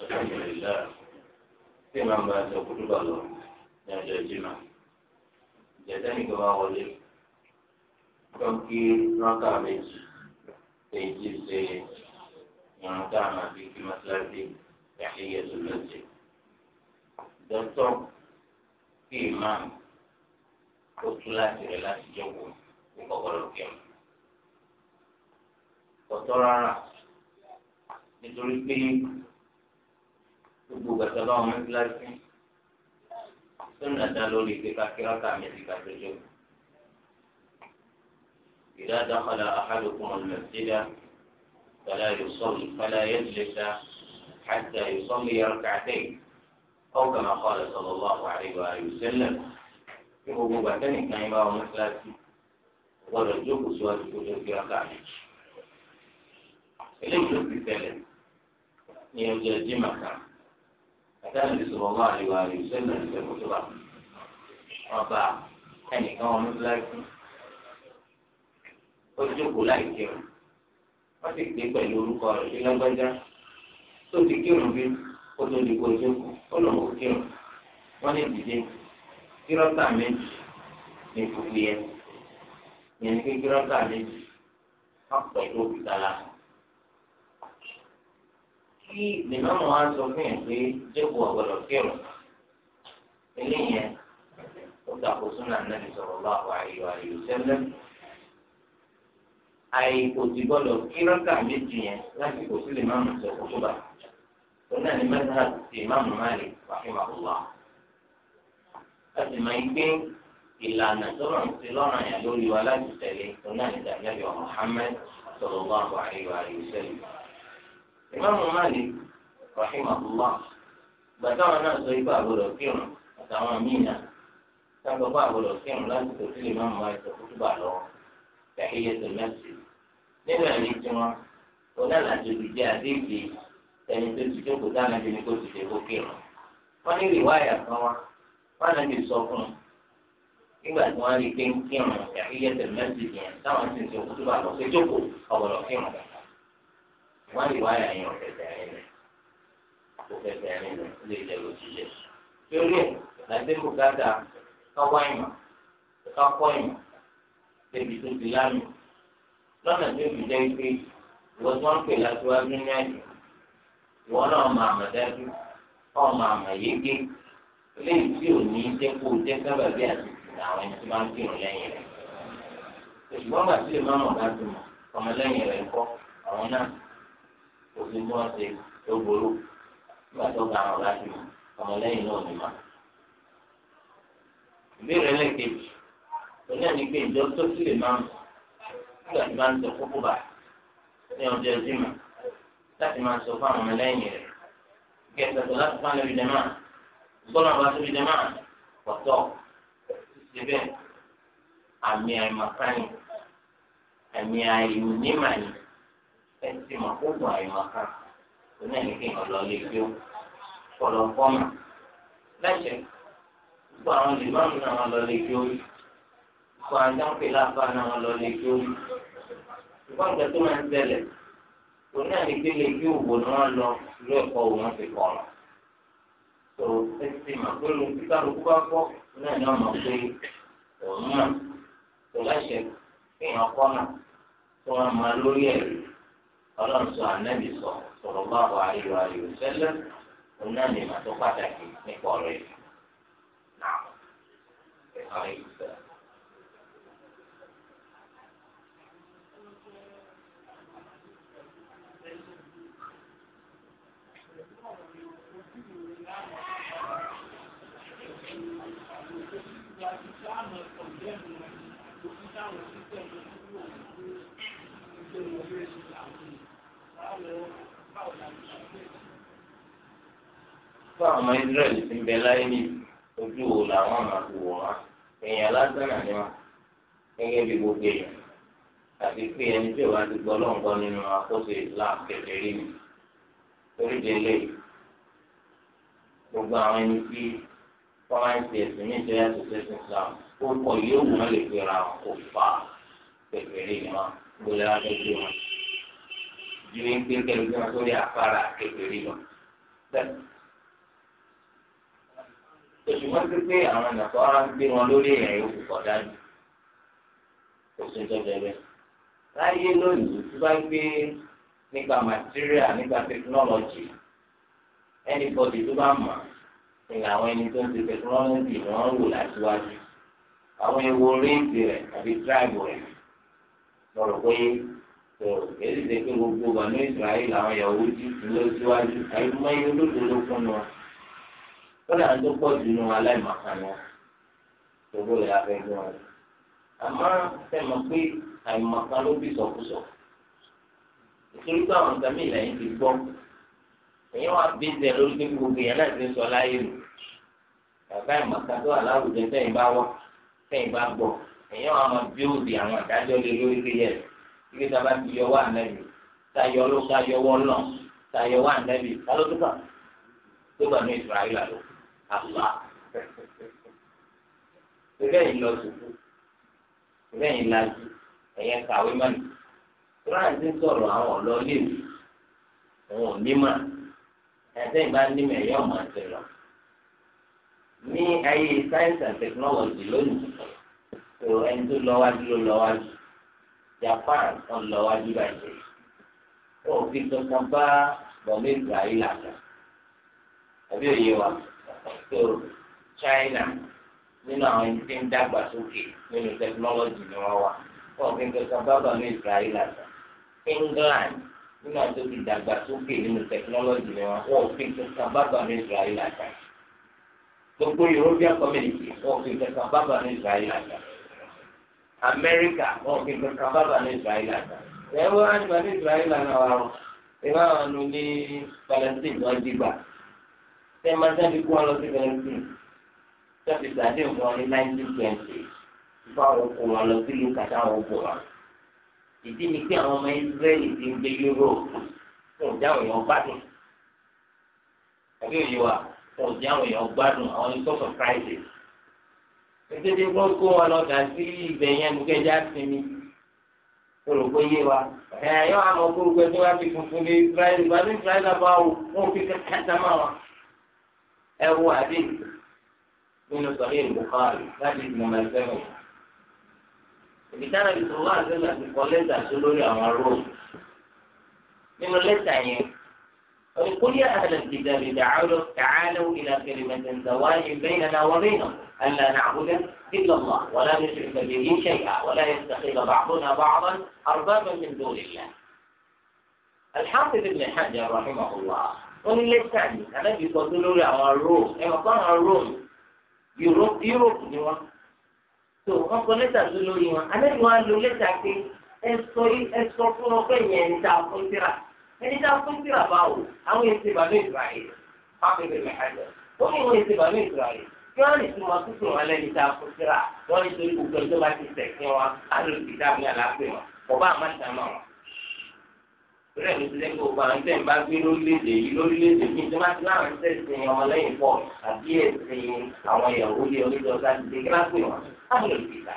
alhamdulilayi tí màá bá aṣọ kúndùbà lọ ní ọjọ́ jimá ìjẹta ní kí wọn wọlé tó kí rákà méjì èyí ṣe ìrìn tá a máa fi kí mọ́sálásí yàtìyẹ tó lọ́sẹ̀ ìmáàmù ó tún láti rẹ̀ láti jọ́wọ́ ní kọ́kọ́rọ́ kẹ́mi. kọ̀tọ́ rárá nítorí pé gbogbo gbàtà bá wọn kíláàsì sọ́nà dá lórí pé kákíráká méjì kájọjọ́ إذا دخل أحدكم المسجد فلا يصلي فلا يجلس حتى يصلي ركعتين أو كما قال صلى الله عليه وآله وسلم في ربوبة كان يبقى مثلا ورجوك سوى الكتب ركعتين eléyìí tó ti tẹ̀lé ní ọjọ́ jimá kan àtàlẹ́ sọ̀rọ̀ wá àríwá àríwá sẹ́lẹ̀ ìṣẹ̀kùtùbà ọba ẹnìkan wọn mọ́tíláṣí ó jókòó láì kírun wọ́n sì gbé pẹ̀lú orúkọ rẹ̀ sí lọ́gbẹ́já tó ti kírun bí ó tó di kó jókòó ó lòun kò kírun wọ́n ní ìdíje kírọ́tà méjì ní fúfú yẹn ìyẹn ní kí kírọ́tà méjì wọ́n pẹ̀lú òkúta láti tí ìnáwó wa sọ fún yẹn pé dẹ́kun ọ̀gbọ̀dọ̀ kírun eléyìí ó dàpọ̀ súnà nàbì sọ̀rọ̀ bá wà ìwà ìlú sẹ́lẹ̀ àìkò ti gbọ́dọ̀ kírọ́kà méjì yẹn láti kò sí lè má mú sọ kókó bá tó náà ní mẹ́ta ti má mú má lè wáyé wà wá. a máa ń gbé ìlànà sọ̀rọ̀ ń ti lọ́rùn àyà lórí wa láti tẹ̀lé tó náà ní dàgbẹ́ yọ̀ Muhammad sọ̀rọ̀ bá wà ìwà ìlú sẹ́lẹ̀. ìmáàmù Malik rahimahullah gbàdáwọn náà sọ ibà àbúrò kírun àtàwọn mìíràn sábà bá àbúrò kírun láti tó sílẹ̀ ìmáàmù Malik tó kútu bà lọ tahiyyatul masjid nínú ẹ̀mí tiwọn àdéhìí ẹni tó ti jókòó dáná bí ní kó ti wọn ní kan wá wọn náà ti sọ fún un nígbà tí wọn rí yẹn táwọn sì kútu wọ́n lè wáyà yẹn ọ̀fẹ́fẹ́ rẹ̀ lẹ̀ ọ̀fẹ́fẹ́ rẹ̀ lẹ̀ lè jẹ́ lójijì. torí ẹ̀ làdé kò gádà káwá ìmọ̀ kákọ́ ìmọ̀ débi tó ti lánà lọ́nà tó fi jẹ́ pé ìwọ́n tó ń pè látiwájú ní àjò ìwọ́n náà máa mọ̀ dájú ọ̀ máa mọ̀ yége eléyìí tí ò ní jẹ́ kó jẹ́ sábà bí àtìsí àwọn ẹni tó máa ń kírun lẹ́yìn rẹ̀ ṣùgbọ́n gbàtí lè má mọ̀ dájú mọ̀ ọmọlẹ́yìn rẹ̀ kọ́ àwọn náà òfin tí wọ́n ṣe tó burú nígbà tó ga àwọn láti mọ̀ ọmọlẹ́yìn náà ní ma. ìbéèrè lẹ́ẹ̀kejì òní àní pé ìjọ tó sì lè máa nígbà tí máa ń sọ kókó bá ní ọjọ́ ìdímọ̀ láti máa sọ fún àwọn ọmọlẹ́yìn rẹ̀ kẹsàtọ̀ láti fún àlejò jẹ́mà gbọ́dọ̀ àwọn àti jẹ́mà pọ̀tọ́ síbẹ̀ àmì àìmọ̀kánì àmì àìnímàní ẹtì mọ̀ fóònù àyèmọ̀ká oní ẹ̀nìkì ọ̀lọ́lẹ̀ kí ó kọ̀lọ̀ fọ́mà lẹ́sẹ̀ gbogbo àwọn lìmọ́ọ̀mù náà wọn lọ́lẹ̀ kí ó kọ àjọpẹ̀ láfa náà wọn lọ́lẹ̀ kí ó ṣùgbọ́n ìgbà tó máa ń tẹ̀lẹ̀ oní ẹ̀nìkì lè kí òwò ni wọ́n lọ ìlú ẹ̀kọ́ òwò wọn ti kọ̀ọ̀rọ̀ tó ẹtì mọ̀ fóònù kíkàlùkù bá fọ́ náà ni mọ̀ pé òun náà kò lẹ́sẹ̀ kéèyàn kọ́ náà tó wọn máa lórí ẹ̀rí ọlọ́run sọ ànábì sọ sọ̀rọ̀ bá wà ayò ayò sẹ́lẹ̀ òun náà tó pàtàkì nípa ọ̀rọ̀ yìí. Thank you. fún àwọn israẹli ti ń bẹ láyé ní ojú wo làwọn máa fi wọ̀ wá èèyàn lásán náà ni wọn gẹ́gẹ́ bí gbogbo èèyàn àti pé ẹni tí òun ti gbọ́ lọ́ngbọ́n nínú àkóso islam kékeré mi torí délé gbogbo àwọn ẹni tí wọ́n máa ń ṣe ẹ̀sìn ní ìjọba tó ṣe ẹ̀sìn islam ó kọ̀ yóò wọ́n lè pera kó fà kékeré mi wọn gbọ́dọ̀ wá fẹ́ gbé wọn ju wípé kẹlẹ́gbẹ́ wọn sórí afárá kékeré lọ. Òṣùwọ́n ti pé àwọn ìyàtọ̀ ara ń gbé wọn lórí ẹ̀yìn òkú kọ̀dá ni. Kò sí tó bẹ̀rẹ̀. Láyé lónìí, tí bá gbé nípa màtíríà nípa tẹkinọ́lọ́jì, ẹnìbọ̀dì tó bá mọ̀ ni àwọn ẹni tó ń ti tẹkinọ́lọ́jì ni wọ́n ń wò láṣíwájú. Àwọn ewu orí ìdí rẹ̀ àbí tíráìbù rẹ̀ lọ́rọ̀ pé tó èyí ṣe pé gbogbo bànú Israẹli àwọn ìyàwó jù lọ síwájú àìmọ̀ iye olóògbé ló fún wọn kódà ń tó pọ̀ jù nù aláìmọ̀kan wọn gbogbo rẹ̀ afẹ́gbẹ́ wọn. àmọ́ sẹ́mọ̀ pé àìmọ̀kan ló bí sọkúsọ nítorí pé àwọn nǹkan mìíràn yìí ti gbọ́ èyí wà bí ń tẹ lórí pé gbogbo yẹn náà ti ń sọ láyé nù bàbá ìmọ̀kan tó wà láwùjọ sẹ́yìn bá wọ̀ sẹ́yìn bá gbọ́ èyí wà máa bí òdì àwọn àdájọ́ lé lórí pé yẹ̀sì ìgbé sábà ti yọ wá ànábì tayọ ló tayọ wọ lọ tayọ wá ànábì kálọ tó kàn tó kàn ní ìsirayílà ló àbúrò ìbẹ́ yìí lọ sùkú ìbẹ́ yìí lajú ẹ̀yẹ kàwé mọ́ni france sọ̀rọ̀ àwọn ọ̀lọ́lẹ́wì àwọn onímọ̀ ẹ̀sẹ̀ ìbá nímọ̀ ẹ̀yẹ ọ̀mọ̀ àti lọ. ní ayé science and technology lónìí tó ẹni tó lọ wájú ló lọ wájú Japan wọn lọ wájú báyìí wọn ò fi tuntun bá bọ̀mí Israel àgbà àbí òye wa tó China nínú àwọn ẹni tí ń dàgbà sókè nínú tẹkinọ́lọ́jì ni wọ́n wà wọn ò fi tuntun bá bọ̀mí Israel àgbà England nínú àti òbí ìdàgbàsókè nínú tẹkinọ́lọ́jì ni wọn wọn ò fi kankan bábà ní Israel àgbà gbogbo European community wọn ò fi kankan bábà ní Israel àgbà amẹ́ríkà ọ̀kẹ́ kankan bábà ní ìsirayílà náà ẹ̀rọ àjùmọ̀ ní ìsirayílà náà wà rọ ìwà àwọn ọ̀nù ní palestine wọn ti gbà ṣé máa sábì kú wọn lọ sí palestine sábì sàdé nǹkan ní nineteen twenty ìfọ̀ àwọn òkú wọn lọ sí ìlú kàtà àwọn òkú wọn ìdí ni pé àwọn ọmọ israẹli ti ń gbé europe fún ìdáhùn èèyàn gbádùn àbí òye wa fún ìdáhùn èèyàn gbádùn àwọn in crisis títí kó kó wọn lọ gà sí ibẹ̀ yẹn nùkẹ́jà sinmi olùkó yé wa ẹ yọ àmọ́ kúrúkú ẹni wá fi funfun ní israẹli wà ní israẹli àbá wò wọn fi kẹta má wa ẹ wo àdé nínú sọ̀rọ̀ ìlú kọ́ọ̀lù láti ìgbìmọ̀ ẹgbẹ́ wọn. ìdíjára ìṣòro àti ìlànà ìkọ́ lẹ́tà sí lórí àwọn róòlù nínú lẹ́tà yẹn. قل يا أهل الكتاب تعالوا تعالوا إلى كلمة سواء بيننا وبينهم ألا نعبد إلا الله ولا نشرك به شيئا ولا يتخذ بعضنا بعضا أربابا من دون الله. الحافظ ابن حجر رحمه الله قل إيه، لي leta أنا alabi tó wọ́n kọ lẹ́tà tó lórí wọn alábi wọn lo ní ẹni tá a fún sí bàbá o àwọn èsì bàbá ìsirayè fáfẹ́fẹ́ mẹ́hàjẹ́ ó ní wọn èsì bàbá ìsirayè kí wọ́n lè túmọ̀ tuntun wọn lẹ́ni tá a fún síra wọ́n lè torí gbogbo ẹjọ́ bá ti sẹ̀kín wọn alòlùkì dáàbò ní àlàáfíà wọn ọba àmàtàmà wọn. ìrẹ́ mi ti lẹ́kọ̀ọ́ gbogbo àwọn tẹ́ǹbà gbé lórílẹ̀-èdè yìí lórílẹ̀-èdè mi tó má ti láwọn sẹ́sìn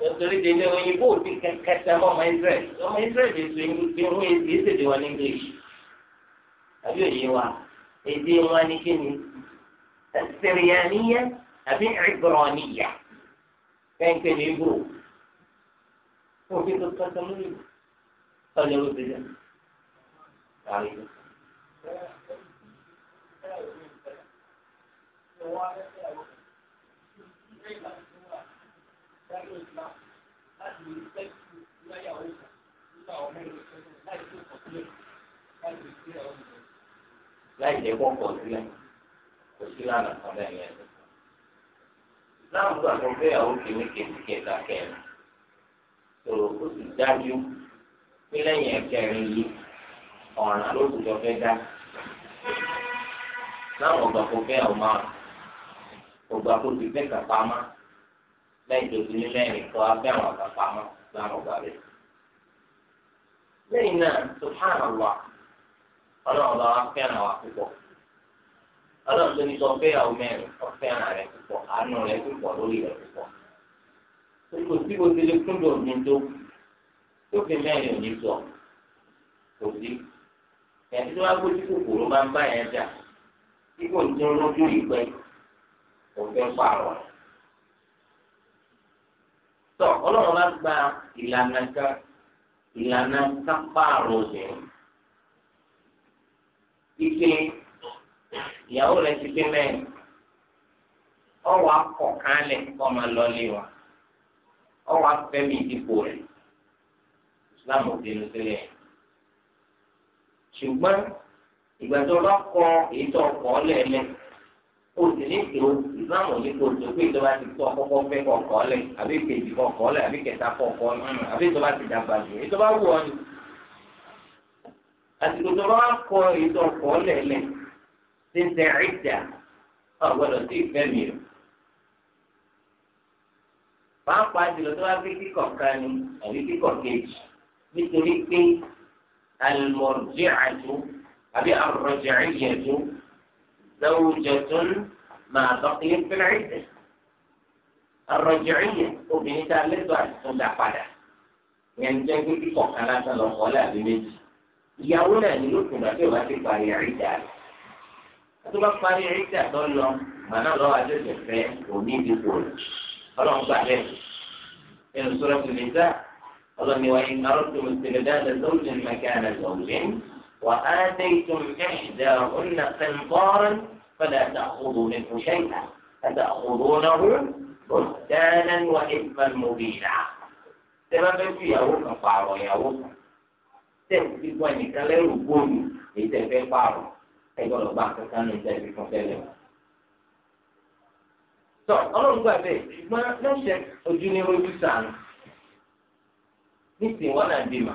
nítorí délé òyìnbó òbí kẹkẹtẹ ọmọ israẹl ọmọ israẹl èso ìhun èsì wọn ní english àbí òye wa èdè wọn ní kíni sèrìyàníyà àbí ìgbọrànìyà fẹ́ǹkẹ́ ní ibùrò òbí tó kẹta lórí ọ̀lẹ́ òbí dẹ. Thank you dájú ìgbà láti lè fẹ́ tu láyàwó kan nígbà ọmọ rẹ̀ tuntun láì tó kọ̀ sílẹ̀ láì lè fi ẹ̀ ọ̀hún. láì lè kọ́ kọ̀ sílẹ̀ kò sí lánàá kan bẹ́ẹ̀ yẹn. láwọn gbà tó fẹ́ àwọn kìíní kejì kẹta kẹrin tó o sì dájú pé lẹ́yìn ẹ̀kẹrin yìí ọ̀ràn ló kù tó fẹ́ dá láwọn ọgbà kò fẹ́ ọ̀ máa ọgbà kò sì fẹ́ kàpá máa. lẹ́yìn tó ti ní mẹ́rin kọ́ abẹ́ àwọn ọ̀gá pamọ́ láwọn ọ̀gá rẹ̀. lẹ́yìn náà subhanallah ọlọ́run bá wá fẹ́ràn wa púpọ̀ ọlọ́run tó ní sọ fẹ́yàwó mẹ́rin ọ̀fẹ́ràn rẹ̀ púpọ̀ àánú rẹ̀ púpọ̀ lórí rẹ̀ púpọ̀ kò sí bó ti lè kúndùn òní tó tó fi mẹ́rin òní sọ kò sí ẹni tó wá gbójú kòkòrò máa ń bá yẹn jà kíkò ní lójú pààrọ̀ rẹ̀. tọ ọlọ́run bá gba ìlànà kan ìlànà kápáàrọ̀ obìnrin ike ìyàwó rẹ ti dé mẹ́rin ọwọ́ akọ kánlẹ̀ kọ́ máa lọ lé wa ọwọ́ afẹ́mi ìdìbò rẹ̀ islam ò bínú sílẹ̀ ṣùgbọ́n ìgbà tó lọ́kọ èyí tó kọ́ lẹ́ẹ̀lẹ́ o sì ní ìṣòro ìsìláàmù ní kò tó pé ìjọba ti tọ́ kọ́kọ́ fẹ́ kọ̀ọ̀kọ́ lẹ̀ àbí kejì kọ̀ọ̀kọ́ lẹ̀ àbí kẹta kọ̀ọ̀kọ́ àbí ìjọba ti dàgbà jù ìjọba wù ọ́ ni. àsìkò tó bá wà kọ ìtọ̀ kọ́ lẹ̀ lẹ̀ ti ń tẹ ìjà ọ̀gbọ́dọ̀ sí ìfẹ́ mi o. pàápàá jùlọ tó bá fi kíkọ̀ kan àbí kíkọ̀ kejì nítorí pé àlùmọ̀rọ̀ زوجة ما بقيت في العدة الرجعية وبنتها لدوار تصدع فادا ينجن في فقالة الأخوالة بمجد يقول أن يكون في وقت فاري عدة أتبع فاري عدة تقول لهم ما نرى عدد الفين ومين يقول فلهم بعدين في سورة النساء الله يوحي أردتم استبدال زوج مكان زوج وآتيتم إحداهن قنطارا فلا تأخذوا منه شيئا أتأخذونه بهتانا وإثما مبينا سبب في يوم فارو يوم سبب في وين كلام بوم يتفق فارو أيقول بعض كانوا يتفق فارو tọ Ọlọ́run gbà bẹ́ẹ̀ ṣùgbọ́n lẹsẹ ojú ni ojú sàn nísìnyí wọn náà bímọ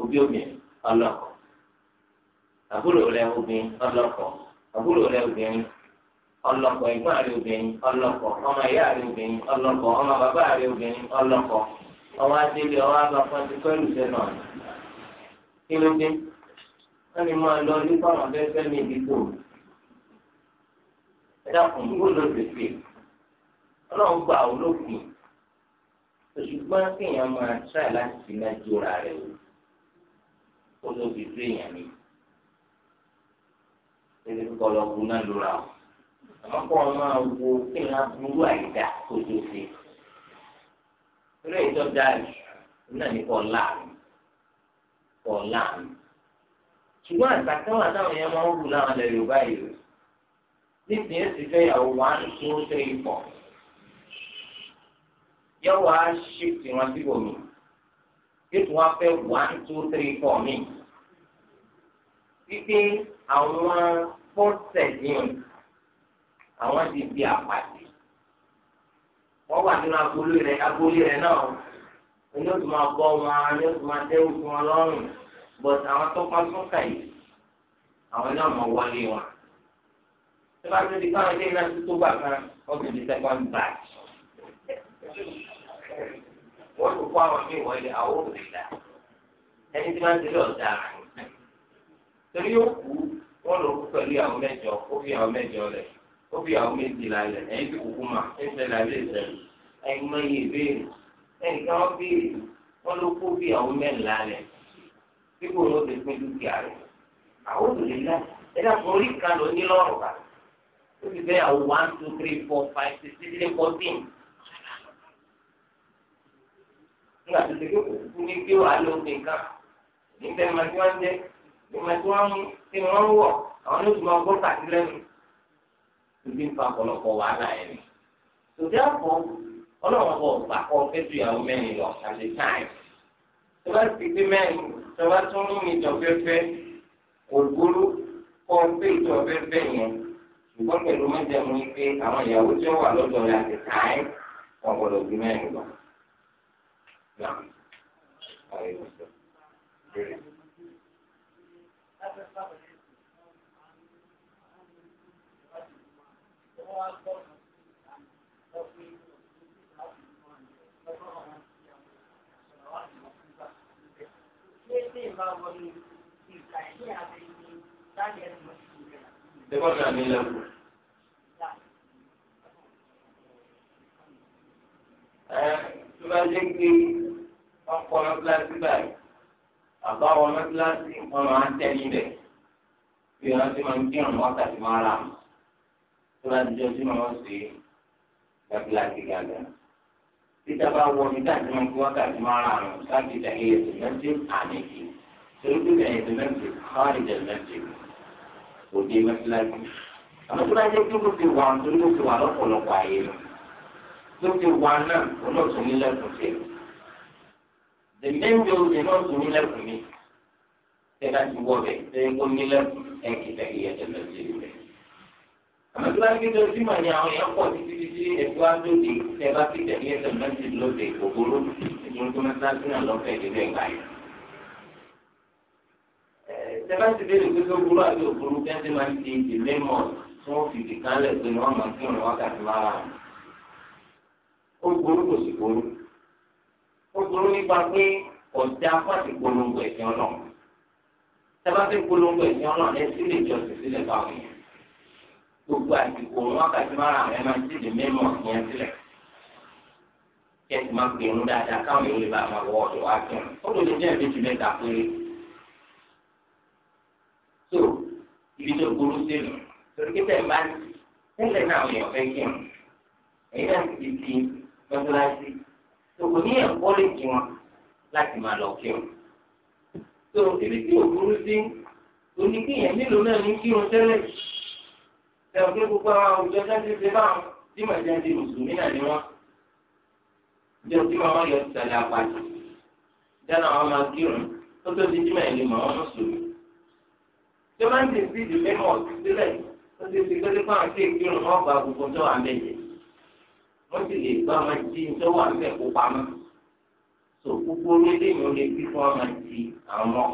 òbí obìnrin ọlọ́kọ̀ àbúrò rẹ obìnrin ọlọ́kọ̀ àbúrò rẹ obìnrin ọlọ́kọ̀ ẹ̀gbọ́n rẹ obìnrin ọlọ́kọ̀ ọmọ ìyá rẹ obìnrin ọlọ́kọ̀ ọmọ bàbá rẹ obìnrin ọwọ́ adélé ọwọ́ ti pẹ́lú kí ló dé wọ́n ní nípa ìdìbò olóbi gbé yàn mí ẹni kọ́ lọ kú náà lóra o àmọ́ kọ́ ọ máa wo kí n aburú àìdá tó tó ṣe eré ìjọba yìí náà ní kọ́ láàmú kọ́ láàmú ṣùgbọ́n àtàkùn àtàwọn yẹn máa ń wù láwọn ilẹ̀ Yorùbá yìí níbi yẹn ti fẹ́ yàwó wà á tó ṣe ìfọ̀ yẹ wàá ṣèkì wọn síbòmí yóò tún wá one two three four mi. wípé àwọn pọ́sẹ̀ yìí àwọn ti di àpàtì wọ́n wà nínú agbolé rẹ̀ agbolé rẹ̀ náà ní o tún máa bọ́ wọn ní o tún máa dẹ́wù fún wọn lọ́rùn but àwọn tó pa sọ́kà yìí àwọn náà mọ̀ wọlé wọn. tí wọ́n ti di káwọn ilé náà tó tó gbà kan wọ́n ti di second batch wọ́n tún kó àwọn míì wọlé àwọn òbílà ẹni tí wọ́n ti lọ dára ni torí yóò kú wọ́n lọ kú pẹ̀lú àwọn mẹ́jọ ó fi àwọn mẹ́jọ lẹ̀ ó fi àwọn méjì lálẹ́ ẹ̀yìn tí kúkú mà ń ṣẹlẹ̀ alẹ́ ìṣẹ̀lẹ̀ ẹ̀yìn mọ iye ìbéèrè ẹ̀yìn káwọn béèrè wọ́n ló kó bí àwọn mẹ́rin lálẹ́ bí kò ló ti pín dúkìá rẹ̀ àwọn òbílà ẹ̀dá kan orí kan ló ní lọ́rùn bá ó ti bẹ́ àwọn one two three four five six seven fourteen nígbà tó ti kókò kú ní pé wàá ló ń gbé nǹkan níbẹ̀ máa tí wọ́n ń jẹ́ ìmọ̀ tí wọ́n ń tí wọ́n ń wọ̀ àwọn ní ìgbìmọ̀ ọgbọ́n kàtí lẹ́nu ibi ń fa ọ̀pọ̀lọpọ̀ wàhálà ẹ̀ ni. tòdí àpò ọlọ́run bọ̀ fẹ́tù ìyàwó mẹ́rin lọ at the time. tó bá ti pé mẹ́rin tó bá tún mú mi jọ fẹ́fẹ́ kò gbóló kọ́ pé ìjọ fẹ́fẹ́ yẹn ṣùgbọ́n pẹ̀lú mẹ́jẹ̀ mú pé àwọn ìyàwó tí wọ́n wà lọ́dọ̀ time wọ́n gbọ́dọ̀ ju mẹ́rin نعم أيوة Depois da minha lua. É, tu vai dizer que wọ́n kọ́ ọmọ kíláàsì báyìí àbá ọmọ kíláàsì wọ́n máa ń tẹ́ níbẹ̀ bí wọ́n ti máa ń kí ọ̀nà wákàtí máa rà mọ́ tó bá dijọ́ tí wọ́n ṣe gba kíláàsì gàgà. títa bá wọ ní káàtì máa ń kí wákàtí máa rà mọ́ káàtì ìdáyé ẹ̀sìn mẹ́tì àmì kì í torí pé ìdáyé ẹ̀sìn mẹ́tì káàtì ìdáyé mẹ́tì òde mẹ́tíláàtì. àmọ́ tó bá jẹ́ kí ló ti wà nítorí ti wà lọ́pọ̀lọpọ̀ àyè ló ti wà náà olóòtú nílẹ̀ èmi ń lo ìmọ̀ ọ̀sùn ní lẹ́kùn mi ṣé bá ti wọ̀ bẹ́ẹ̀ ṣé ń kó ní lẹ́kùn ẹ̀ kì í tẹ̀lé ẹ̀jẹ̀ lọ sí ibẹ̀. àmọ́ tí wọ́n ti tó sí mọ̀ ní àwọn èèyàn pọ̀ títí títí ẹ̀fọ́ àdóde ṣé bá ti tẹ̀lé ẹ̀jẹ̀ lọ sí lóde òkúrú ìdúró tó máa sáájú náà lọ́fẹ̀ẹ́ ìdílé ìgbà yẹn. ṣé bá ti béèrè pé tó burú àti òkúrú bí wọ́n ti máa ń ti ìdílé mọ̀ tí ó burú nípa pé ọ̀dà fáti polongo ẹ̀sìn ọlọ́run sábà fi polongo ẹ̀sìn ọlọ́run ẹ̀ sílẹ̀ ìjọsìn sílẹ̀ báwọn yẹn gbogbo àsìkò wákàtí mara ẹ̀ máa ti di mímọ̀ yẹn sílẹ̀ kí ẹ sì máa gbèrú dáadáa káwọn èèyàn lè bá máa wọ ọ̀dọ̀ wá kí wọn ó lè jẹ́ ìbejì mẹ́ta péré tó ibi tó burú sínú torí kí tẹ̀ bá tẹ́lẹ̀ náà èèyàn fẹ́ kí wọn náà ti di mọ́tíláṣí tòkò ní ẹ̀kọ́ lè kí wọn láti máa lọ kí wọn. tó ibi tí òbúrú sí òní kíyàn mélòó náà ní kí wọn tẹ́lẹ̀ ẹ̀rọ pé gbogbo àwọn àwùjọ sáńtì ṣe bá wọn tí màá jẹ́ ti mùsùlùmí náà ni wọ́n. ìjọ tí màá yọ ìsàlẹ̀ apàtì dáná àwọn máa kírun tó tó ti jímọ̀ ẹ̀lẹ́ màá wọn mùsùlùmí. tó bá ń tẹ̀sí ìdílé mọ̀ sílẹ̀ ó ti ti kẹ́lẹ́ wọ́n sì lè gbọ́ ọmọ jí tó wà níbẹ̀ kó pamọ́ tó gbogbo orílẹ̀ èèyàn lè fi fún ọmọ ti àwọn ọmọ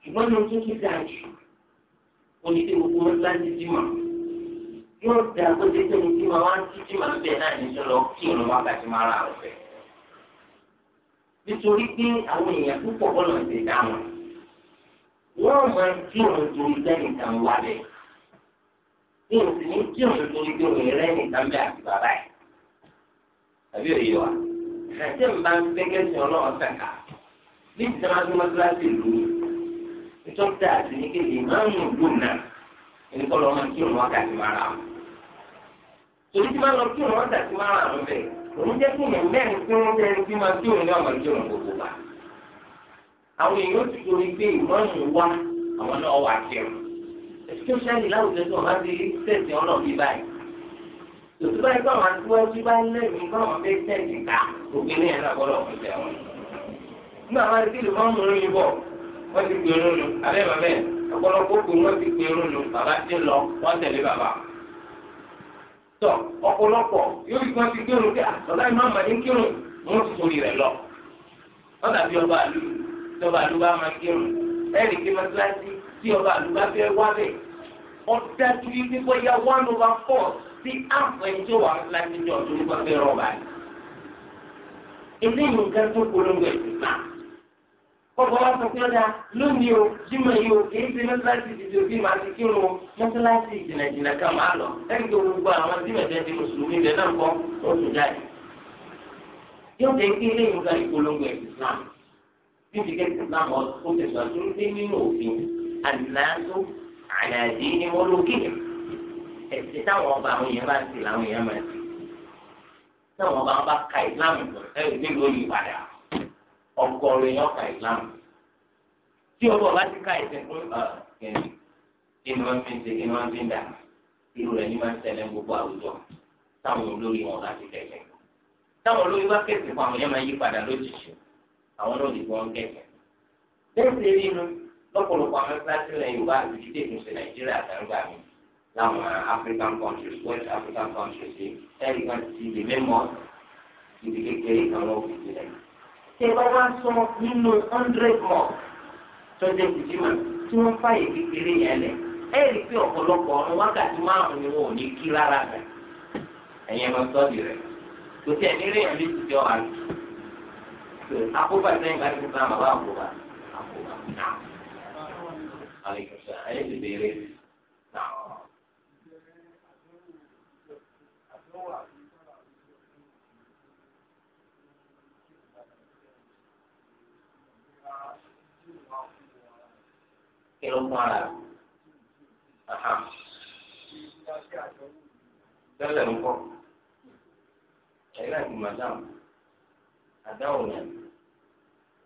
ṣùgbọ́n ní ojú tó dáa jù onídé gbogbo wọn láti jí mọ̀ yóò da gbọ́dọ̀ tó ní jí mọ̀ wá sí jí mọ̀ níbẹ̀ náà ní sọ́lọ́ kí òun wá bàtí máa ra àwọn ọ̀fẹ́ nítorí pé àwọn èèyàn púpọ̀ bọ́lọ̀ ti dá wọn wọ́n máa ń kí òun torí sẹ́yìn ní oṣù ní kí oṣù tó ní kí oṣù rẹ̀ ní kàmbé àti bàbá yìí àbí òye wa ṣàtì mbà ń fẹ́ kẹ́sì ọlọ́run sàkà bí ìtàmásí mọ́tíláṣí ìlú ìtọ́jú àti ní kéde máa ń lò náà ẹni kọ́ lọ́ọ́ máa kí òun wákàtí máa rà wọn. torí tí máa lọ kí òun wákàtí máa rà wọn bẹ́ẹ̀ òun jẹ́ kí èèyàn mẹ́rin tí wọ́n fẹ́ ẹni tí máa kí òun ní ọmọ kí òun gbogbo wa. àwọn èèyàn ti torí pé ìmọ̀ràn especially láwùjọ tí wọn bá fi tẹ̀sí ọlọ́ọ̀bí báyìí tòtú báyìí báwọn aṣíwájú bá ń lẹ́yìn báwọn fẹ́ tẹ̀sí ká obìnrin yẹn náà gbọ́dọ̀ fún tẹ̀ wọn. nígbà wọn ti lè fọ́ọ̀mù lóyún bọ̀ wọ́n ti pè rónú abẹ́ bàbá ẹ̀ ọ̀pọ̀lọpọ̀ kò wọ́n ti pè rónú bàbá ti lọ wọ́n tẹ̀lé bàbá. tọ ọ̀pọ̀lọpọ̀ yóò fi wọ́n ti kírun pé ah, àtọ̀lá ìmáàmà ní kírun wọ́n tí ọba àlùbá fẹ́ wá bẹ̀ ọ̀dájú yìí nípa ya one over four sí àǹfààní tó wà láti ní ọ̀dọ́ nípa fẹ́ rọ̀bà yìí. ilé ìlú nǹkan tó polongo ẹ̀sìn náà kọ́kọ́ wá sọ pé ọ̀dà lónìí o jímọ̀ yìí o kì í ṣe mẹ́tíláṣí ti di máa ti kí o mẹ́tíláṣí ìjìnàjìnà kan máa lọ ẹni tó gbogbo àwọn tí mẹ̀tẹ́ ti mùsùlùmí bẹ̀ náà kọ́ ó tún jáde. yóò jẹ́ kí ilé ìlú kan ìpolongo ẹ̀sìn náà náà àdìláńtò àyàdí ni wọ́n ló kí ẹ̀sìn táwọn ọba àwọn èèyàn bá ń ti làwọn èèyàn máa ti táwọn ọba wọn bá ka ìsìláàmù ẹ ò nílò ìpadà ọgọ́rùn èèyàn ka ìsìláàmù tí ọba ọba ti ka ìsìn fún kẹ́ni inú wọn fi ń ṣe inú wọn fi ń dà irú rẹ̀ ní máa ń ṣẹlẹ̀ gbogbo àwùjọ táwọn olórí wọn bá ti tẹ̀lé táwọn olórí bá kẹ̀sìn fún àwọn èèyàn máa yí padà lójijì àwọn náà lè gbọ́n kẹ̀sìn ṣe rí inú lọ́pọ̀lọpọ̀ àwọn ẹgbẹ́ yorùbá àti ìdílé ìmúṣẹ nàìjíríà àtàrúgbà mi láwọn african countries west african countries yìí ẹ̀rí kan ti lè mẹ́mọ́ ibi kékeré kan lọ́wọ́ fi sílẹ̀. ṣé ẹ bá wá sọ nínú hundred more tọ́jú ìdímọ̀ tí wọ́n fàyè kékeré yẹn lẹ̀ ẹ rí i pé ọ̀pọ̀lọpọ̀ ọ̀run wákàtí márùn ni wọn ò ní kí rárá rẹ̀ ẹ̀yin ẹ̀ sọ́ọ̀dì rẹ̀ kò sí ẹ̀mí rí ẹ̀mí ti jọ àrùn. àkóbá sẹ́yìn bá ti sá màbá àkóbá àkóbá náà. عليكم السلام أنا اللي بيريد نعم kí ló mú ara tẹ́lẹ̀ ń kọ́ ẹ̀yìn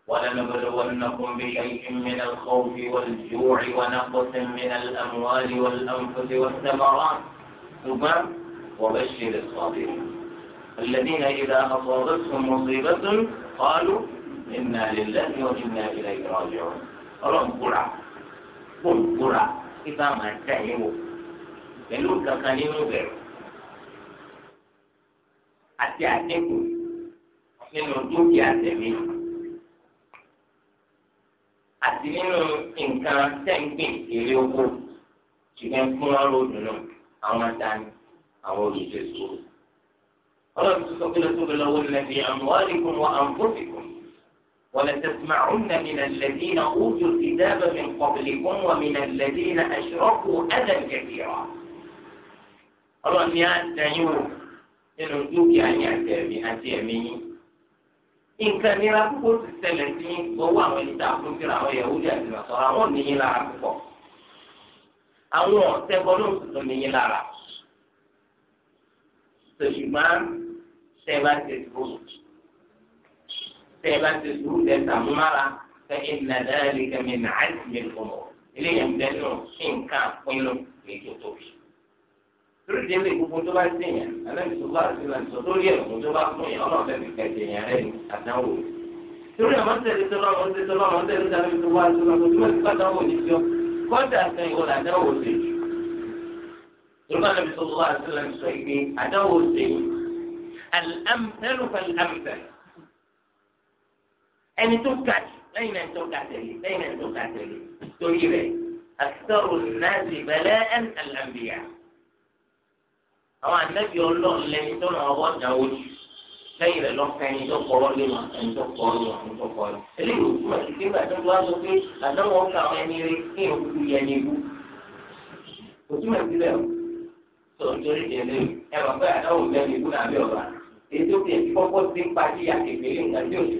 ولنبلونكم بشيء من الخوف والجوع ونقص من الأموال والأنفس والثمرات ثم وبشر الصابرين الذين إذا أصابتهم مصيبة قالوا إنا لله وإنا إليه راجعون رب قرع قل قرع إذا ما ń tẹ̀ yín wò حتى kankan nínú bẹ̀rù àti nínú nǹkan tẹ́ǹgbìn èrè oko ṣùgbọ́n fún wọn lóòdù náà àwọn àdáni àwọn olùṣèlú sòrò. ọlọ́run tó sọ pé lọ́sọ̀ bẹ̀rẹ̀ lọ́wọ́ nílẹ̀ bíi àmúhálìkùn wa àǹfọ̀sìkùn ولتسمعن من الذين أوتوا الكتاب من قبلكم ومن الذين أشركوا أذى كثيرا ọlọ́run ni a dẹ̀yìn o nínú nǹkan nira púpọ̀ ti ṣẹlẹ̀ sí owó àwọn ẹni tá a fún síra àwọn Yahudi àti Nasara àwọn nìyí lára púpọ̀ àwọn ọ̀sẹ̀ bọ́lú tuntun nìyí lára ṣùgbọ́n tẹ́ bá ti sùúrù tẹ́ bá ti sùúrù tẹ́ sàmúmára tẹ́ ìnàdá ẹ̀rí kẹ́mi nàá ti mi kọ̀ eléyìí ń bẹ́ẹ̀ nù nǹkan pinnu èyí tóbi. lórí ilé gbogbo tó bá dé yẹn alẹ́ tó bá ti là sọ lórí ẹ̀kún tó bá fún yẹn ọlọ́run lẹ́bi kẹ̀kẹ́ yẹn rẹ̀ àdáwò. torí àwọn tẹ̀lé tọ́lá wọn tẹ̀lé tọ́lá wọn tẹ̀lé tọ́lá wọn tẹ̀lé tọ́lá wọn tẹ̀lé tọ́lá wọn tẹ̀lé tọ́lá kọ́dà sẹ́yìn wọn àdáwò ṣe. tòlúmọ̀ lẹ́bi sọ̀rọ̀ wá sí lẹ́bi sọ ìgbé àdáwò ṣe. ẹni tó ga lẹ́yìn náà tó ga tẹ̀lé lẹ́yìn náà tó ga tẹ̀lé torí rẹ̀ àtọ́rù náà ti bẹ̀rẹ̀ ẹ̀ àwọn ànábì ọlọ́run lẹ́yìn tó ràn ọwọ́ dà ó jù lẹ́yìn rẹ̀ lọ́kàn ẹni tó kọ́ lé wọn ẹni tó kọ́ lé wọn ẹni tó kọ́ lé. eléyìí òkú àti gbígbà tó wá sọ pé àdánwò ọkà àwọn ẹni rí kí òkú yẹ ni wú. kò túmọ̀ sí bẹ́ẹ̀ o tó ń torí di ẹlẹ́yìn ẹ mọ̀ pé àdánwò yẹ ni wú nàbí ọ̀bà èyí tó fi kọ́kọ́ ti ń pa sí àkèkèrè nǹkan tí òjò.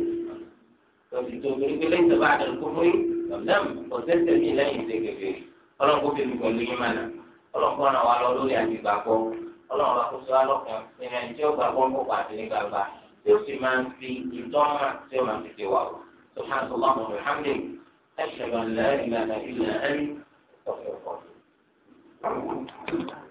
lọ́sì tó torí pé lẹ́yìn tó bá àdánwò kó fún yín ọ̀dàm ọ̀sẹ̀ ọlọ́run bá kó sọ alọ́kàn nínú ẹni tí ó gbà wọ́n kópa àti ní gbangba tí ó sì máa ń fi ìdánwà tí ó máa fi ti wà wò سبحانك اللهم وبحمدك أشهد أن لا إله إلا أنت أستغفرك